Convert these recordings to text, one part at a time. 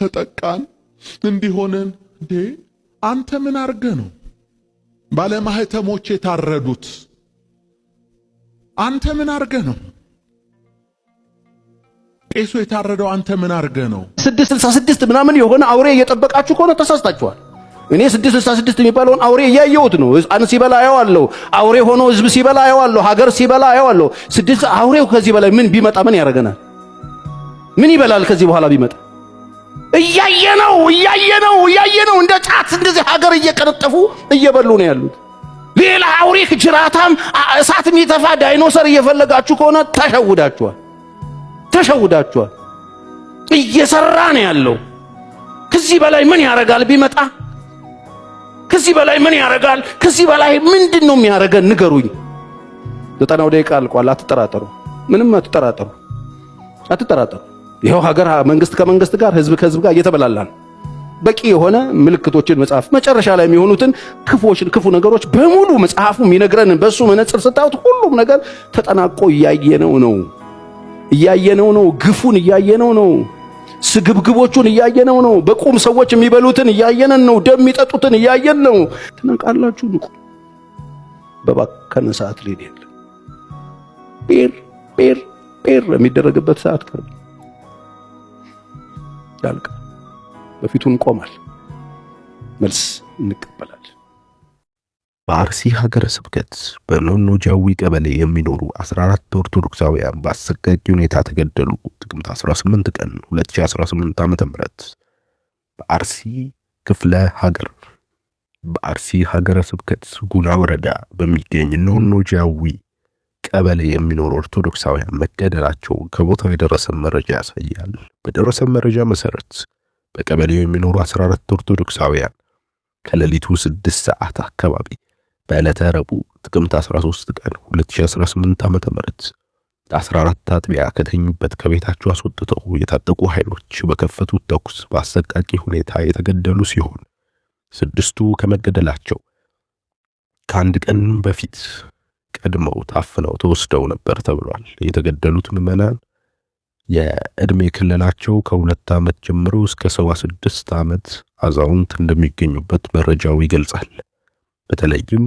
ተጠቃን እንዲሆንን እንዴ አንተ ምን አርገ ነው ባለማህተሞች የታረዱት? አንተ ምን አርገ ነው ቄሱ የታረደው? አንተ ምን አርገ ነው? 666 ምናምን የሆነ አውሬ እየጠበቃችሁ ከሆነ ተሳስታችኋል። እኔ 666 የሚባለውን አውሬ እያየሁት ነው። ሕፃን ሲበላ አየዋለሁ። አውሬ ሆኖ ህዝብ ሲበላ አየዋለሁ። ሀገር ሲበላ አየዋለሁ። ስድስት አውሬው ከዚህ በላይ ምን ቢመጣ ምን ያደርገናል? ምን ይበላል ከዚህ በኋላ ቢመጣ እያየ ነው እያየ ነው እያየ ነው። እንደ ጫት እንደዚህ ሀገር እየቀነጠፉ እየበሉ ነው ያሉት። ሌላ አውሬክ ጅራታም እሳት የሚተፋ ዳይኖሰር እየፈለጋችሁ ከሆነ ተሸውዳችኋል፣ ተሸውዳችኋል። እየሰራ ነው ያለው። ከዚህ በላይ ምን ያረጋል ቢመጣ? ከዚህ በላይ ምን ያረጋል? ከዚህ በላይ ምንድን ነው የሚያረገን? ንገሩኝ። ዘጠናው ደቂቃ አልቋል። አትጠራጠሩ፣ ምንም አትጠራጠሩ፣ አትጠራጠሩ። ይኸው ሀገር መንግስት ከመንግስት ጋር ህዝብ ከህዝብ ጋር እየተበላላን በቂ የሆነ ምልክቶችን መጽሐፍ መጨረሻ ላይ የሚሆኑትን ክፎችን ክፉ ነገሮች በሙሉ መጽሐፉ የሚነግረን በሱ መነጽር ስታዩት ሁሉም ነገር ተጠናቆ እያየነው ነው እያየነው ነው። ግፉን እያየነው ነው። ስግብግቦቹን እያየነው ነው። በቁም ሰዎች የሚበሉትን እያየነን ነው። ደም የሚጠጡትን እያየን ነው። ትነቃላችሁ፣ ንቁ። በባከነ ሰዓት ሊድ የለም። ጴር ጴር ጴር የሚደረግበት ሰዓት ቀርቧል። ያልቃል። በፊቱ እንቆማል፣ መልስ እንቀበላል። በአርሲ ሀገረ ስብከት በኖኖ ጃዊ ቀበሌ የሚኖሩ 14 ኦርቶዶክሳውያን በአሰቃቂ ሁኔታ ተገደሉ። ጥቅምት 18 ቀን 2018 ም በአርሲ ክፍለ ሀገር በአርሲ ሀገረ ስብከት ጉና ወረዳ በሚገኝ ኖኖ ጃዊ ቀበሌ የሚኖሩ ኦርቶዶክሳውያን መገደላቸውን ከቦታው የደረሰን መረጃ ያሳያል። በደረሰን መረጃ መሰረት በቀበሌው የሚኖሩ 14 ኦርቶዶክሳውያን ከሌሊቱ 6 ሰዓት አካባቢ በዕለተ ረቡዕ ጥቅምት 13 ቀን 2018 .ም ለ14 አጥቢያ ከተኙበት ከቤታቸው አስወጥተው የታጠቁ ኃይሎች በከፈቱት ተኩስ በአሰቃቂ ሁኔታ የተገደሉ ሲሆን ስድስቱ ከመገደላቸው ከአንድ ቀን በፊት ቀድመው ታፍነው ተወስደው ነበር ተብሏል። የተገደሉት ምዕመናን የእድሜ ክልላቸው ከሁለት ዓመት ጀምሮ እስከ ሰባ ስድስት ዓመት አዛውንት እንደሚገኙበት መረጃው ይገልጻል። በተለይም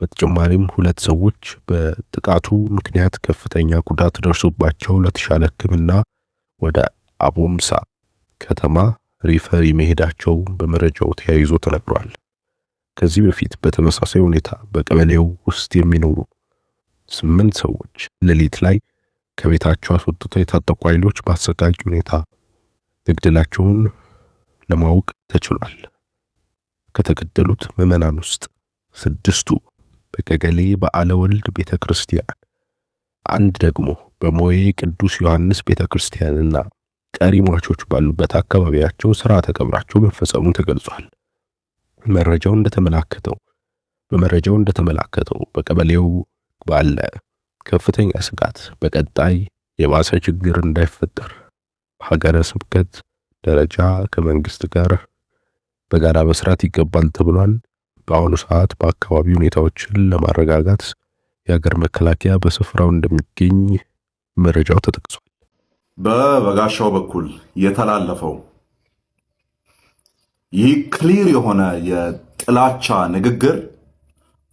በተጨማሪም ሁለት ሰዎች በጥቃቱ ምክንያት ከፍተኛ ጉዳት ደርሶባቸው ለተሻለ ሕክምና ወደ አቦምሳ ከተማ ሪፈሪ መሄዳቸው በመረጃው ተያይዞ ተነግሯል። ከዚህ በፊት በተመሳሳይ ሁኔታ በቀበሌው ውስጥ የሚኖሩ ስምንት ሰዎች ሌሊት ላይ ከቤታቸው አስወጥተው የታጠቁ ኃይሎች በአሰቃቂ ሁኔታ መግደላቸውን ለማወቅ ተችሏል። ከተገደሉት ምዕመናን ውስጥ ስድስቱ በቀገሌ በዓለ ወልድ ቤተ ክርስቲያን፣ አንድ ደግሞ በሞዬ ቅዱስ ዮሐንስ ቤተ ክርስቲያንና ቀሪ ሟቾች ባሉበት አካባቢያቸው ስርዓተ ቀብራቸው መፈጸሙ ተገልጿል። መረጃው እንደተመላከተው በመረጃው እንደተመላከተው በቀበሌው ባለ ከፍተኛ ስጋት በቀጣይ የባሰ ችግር እንዳይፈጠር ሀገረ ስብከት ደረጃ ከመንግስት ጋር በጋራ መስራት ይገባል ተብሏል። በአሁኑ ሰዓት በአካባቢ ሁኔታዎችን ለማረጋጋት የሀገር መከላከያ በስፍራው እንደሚገኝ መረጃው ተጠቅሷል። በበጋሻው በኩል የተላለፈው ይህ ክሊር የሆነ የጥላቻ ንግግር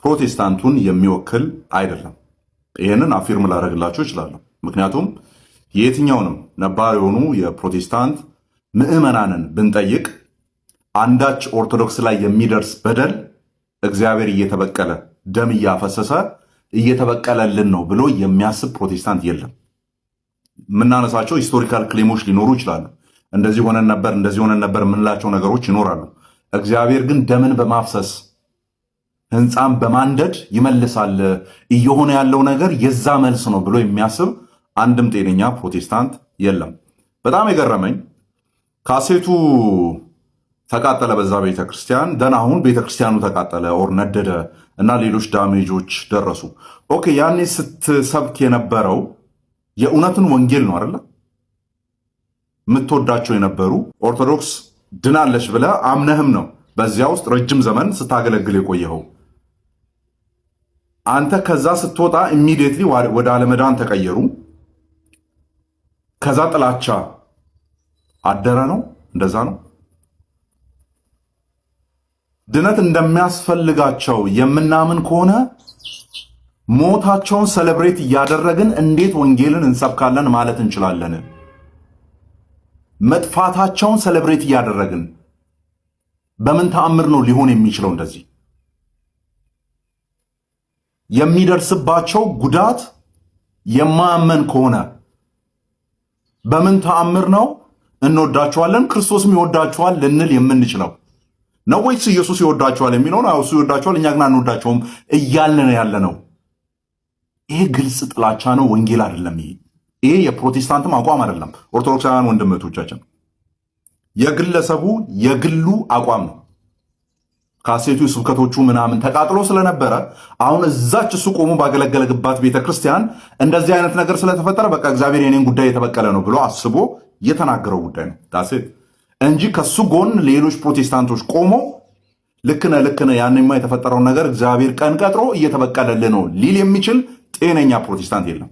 ፕሮቴስታንቱን የሚወክል አይደለም። ይህንን አፊርም ላደረግላቸው እችላለሁ። ምክንያቱም የትኛውንም ነባር የሆኑ የፕሮቴስታንት ምዕመናንን ብንጠይቅ አንዳች ኦርቶዶክስ ላይ የሚደርስ በደል እግዚአብሔር እየተበቀለ ደም እያፈሰሰ እየተበቀለልን ነው ብሎ የሚያስብ ፕሮቴስታንት የለም። የምናነሳቸው ሂስቶሪካል ክሌሞች ሊኖሩ ይችላሉ። እንደዚህ ሆነን ነበር፣ እንደዚህ ሆነን ነበር የምንላቸው ነገሮች ይኖራሉ። እግዚአብሔር ግን ደምን በማፍሰስ ህንፃን በማንደድ ይመልሳል። እየሆነ ያለው ነገር የዛ መልስ ነው ብሎ የሚያስብ አንድም ጤነኛ ፕሮቴስታንት የለም። በጣም የገረመኝ ካሴቱ ተቃጠለ በዛ ቤተ ክርስቲያን ደን አሁን ቤተ ክርስቲያኑ ተቃጠለ ኦር ነደደ እና ሌሎች ዳሜጆች ደረሱ። ኦኬ ያኔ ስትሰብክ የነበረው የእውነትን ወንጌል ነው አይደለም የምትወዳቸው የነበሩ ኦርቶዶክስ ድናለች ብለ አምነህም ነው በዚያ ውስጥ ረጅም ዘመን ስታገለግል የቆየኸው። አንተ ከዛ ስትወጣ ኢሚዲየትሊ ወደ አለመዳን ተቀየሩ። ከዛ ጥላቻ አደረ ነው። እንደዛ ነው። ድነት እንደሚያስፈልጋቸው የምናምን ከሆነ ሞታቸውን ሰለብሬት እያደረግን እንዴት ወንጌልን እንሰብካለን ማለት እንችላለን? መጥፋታቸውን ሰለብሬት እያደረግን በምን ተአምር ነው ሊሆን የሚችለው? እንደዚህ የሚደርስባቸው ጉዳት የማያመን ከሆነ በምን ተአምር ነው እንወዳቸዋለን ክርስቶስም ይወዳቸዋል ልንል የምንችለው ነው ወይስ ኢየሱስ ይወዳቸዋል የሚለውን እሱ ይወዳቸዋል እኛ ግን አንወዳቸውም እያልን ያለ ነው። ይሄ ግልጽ ጥላቻ ነው። ወንጌል አይደለም ይሄ። ይሄ የፕሮቴስታንትም አቋም አይደለም፣ ኦርቶዶክሳውያን ወንድምቶቻችን የግለሰቡ የግሉ አቋም ነው። ካሴቱ ስብከቶቹ ምናምን ተቃጥሎ ስለነበረ አሁን እዛች እሱ ቆሞ ባገለገለግባት ቤተክርስቲያን እንደዚህ አይነት ነገር ስለተፈጠረ በቃ እግዚአብሔር የኔን ጉዳይ የተበቀለ ነው ብሎ አስቦ የተናገረው ጉዳይ ነው ዳሴት እንጂ ከሱ ጎን ሌሎች ፕሮቴስታንቶች ቆሞ ልክነ ልክነ ያንማ የተፈጠረውን ነገር እግዚአብሔር ቀን ቀጥሮ እየተበቀለል ነው ሊል የሚችል ጤነኛ ፕሮቴስታንት የለም።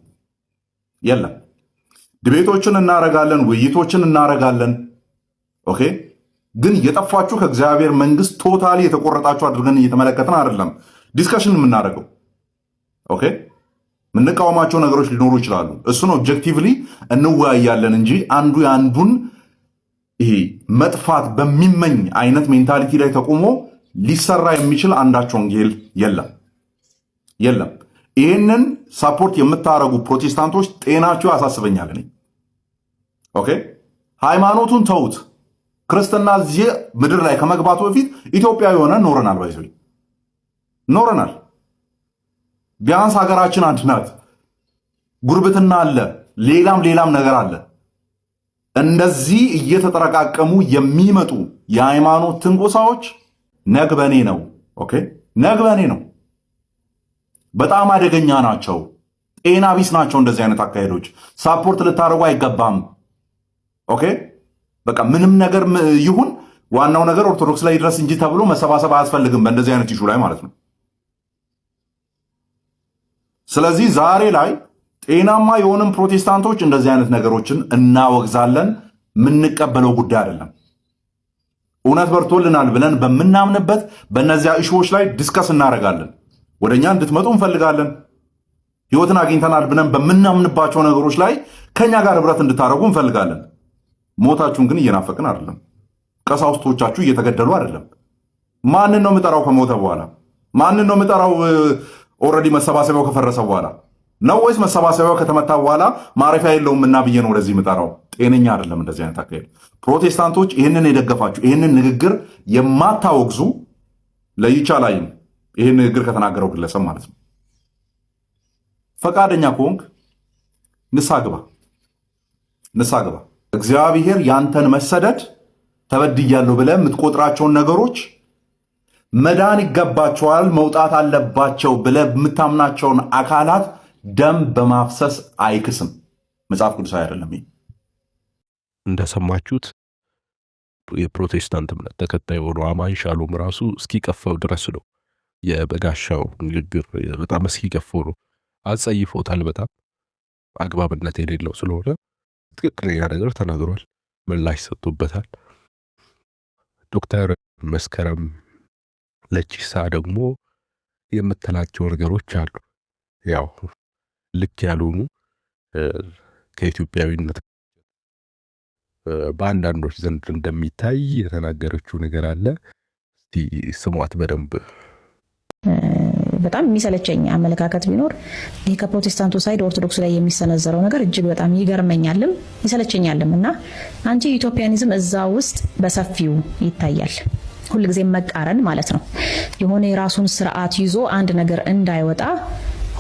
የለም። ድቤቶችን እናረጋለን፣ ውይይቶችን እናረጋለን። ኦኬ ግን የጠፋችሁ ከእግዚአብሔር መንግስት ቶታሊ የተቆረጣችሁ አድርገን እየተመለከትን አይደለም ዲስከሽን የምናደርገው። ኦኬ የምንቃወማቸው ነገሮች ሊኖሩ ይችላሉ። እሱን ኦብጀክቲቭሊ እንወያያለን እንጂ አንዱ የአንዱን ይሄ መጥፋት በሚመኝ አይነት ሜንታሊቲ ላይ ተቆሞ ሊሰራ የሚችል አንዳች ወንጌል የለም የለም። ይህንን ሰፖርት የምታደረጉ ፕሮቴስታንቶች ጤናችሁ ያሳስበኛል። እኔ ኦኬ፣ ሃይማኖቱን ተዉት። ክርስትና እዚህ ምድር ላይ ከመግባቱ በፊት ኢትዮጵያ የሆነ ኖረናል፣ ባይዘ ኖረናል። ቢያንስ ሀገራችን አንድ ናት። ጉርብትና አለ፣ ሌላም ሌላም ነገር አለ። እንደዚህ እየተጠረቃቀሙ የሚመጡ የሃይማኖት ትንቆሳዎች ነግበኔ ነው። ኦኬ፣ ነግበኔ ነው። በጣም አደገኛ ናቸው። ጤና ቢስ ናቸው። እንደዚህ አይነት አካሄዶች ሳፖርት ልታደርጉ አይገባም። ኦኬ በቃ ምንም ነገር ይሁን ዋናው ነገር ኦርቶዶክስ ላይ ድረስ እንጂ ተብሎ መሰባሰብ አያስፈልግም፣ በእንደዚህ አይነት ይሹ ላይ ማለት ነው። ስለዚህ ዛሬ ላይ ጤናማ የሆንም ፕሮቴስታንቶች እንደዚህ አይነት ነገሮችን እናወግዛለን። የምንቀበለው ጉዳይ አይደለም። እውነት በርቶልናል ብለን በምናምንበት በእነዚያ እሾዎች ላይ ዲስከስ እናደርጋለን። ወደ እኛ እንድትመጡ እንፈልጋለን። ህይወትን አግኝተናል ብለን በምናምንባቸው ነገሮች ላይ ከእኛ ጋር ህብረት እንድታደረጉ እንፈልጋለን። ሞታችሁን ግን እየናፈቅን አይደለም። ቀሳውስቶቻችሁ እየተገደሉ አይደለም። ማንን ነው የምጠራው? ከሞተ በኋላ ማንን ነው የምጠራው? ኦልሬዲ መሰባሰቢያው ከፈረሰ በኋላ ነው ወይስ መሰባሰቢያው ከተመታ በኋላ ማረፊያ የለውም እና ብዬ ነው ወደዚህ የምጠራው? ጤነኛ አይደለም እንደዚህ አይነት አካሄድ። ፕሮቴስታንቶች ይህንን የደገፋችሁ ይህንን ንግግር የማታወግዙ ለይቻላይም ይህን ንግግር ከተናገረው ግለሰብ ማለት ነው። ፈቃደኛ ከሆንክ ንሳ ግባ፣ ንሳ ግባ። እግዚአብሔር ያንተን መሰደድ ተበድያለሁ ብለህ የምትቆጥራቸውን ነገሮች መዳን ይገባቸዋል፣ መውጣት አለባቸው ብለህ የምታምናቸውን አካላት ደም በማፍሰስ አይክስም። መጽሐፍ ቅዱስ አይደለም። እንደሰማችሁት የፕሮቴስታንት እምነት ተከታይ የሆነ አማኝ ሻሎም ራሱ እስኪቀፈው ድረስ ነው የበጋሻው ንግግር በጣም እስኪገፉ ነው አጸይፎታል። በጣም አግባብነት የሌለው ስለሆነ ትክክለኛ ነገር ተናግሯል፣ ምላሽ ሰጥቶበታል። ዶክተር መስከረም ለቺሳ ደግሞ የምትላቸው ነገሮች አሉ። ያው ልክ ያልሆኑ ከኢትዮጵያዊነት በአንዳንዶች ዘንድ እንደሚታይ የተናገረችው ነገር አለ። እስቲ ስሟት በደንብ በጣም የሚሰለቸኝ አመለካከት ቢኖር ይህ ከፕሮቴስታንቱ ሳይድ ኦርቶዶክስ ላይ የሚሰነዘረው ነገር እጅግ በጣም ይገርመኛልም ይሰለቸኛልም እና አንቺ ኢትዮጵያኒዝም እዛ ውስጥ በሰፊው ይታያል። ሁልጊዜ መቃረን ማለት ነው። የሆነ የራሱን ስርዓት ይዞ አንድ ነገር እንዳይወጣ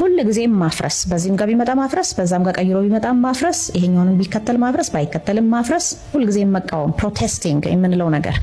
ሁል ጊዜም ማፍረስ፣ በዚህም ጋር ቢመጣ ማፍረስ፣ በዛም ጋር ቀይሮ ቢመጣ ማፍረስ፣ ይሄኛውንም ቢከተል ማፍረስ፣ ባይከተልም ማፍረስ፣ ሁልጊዜም መቃወም ፕሮቴስቲንግ የምንለው ነገር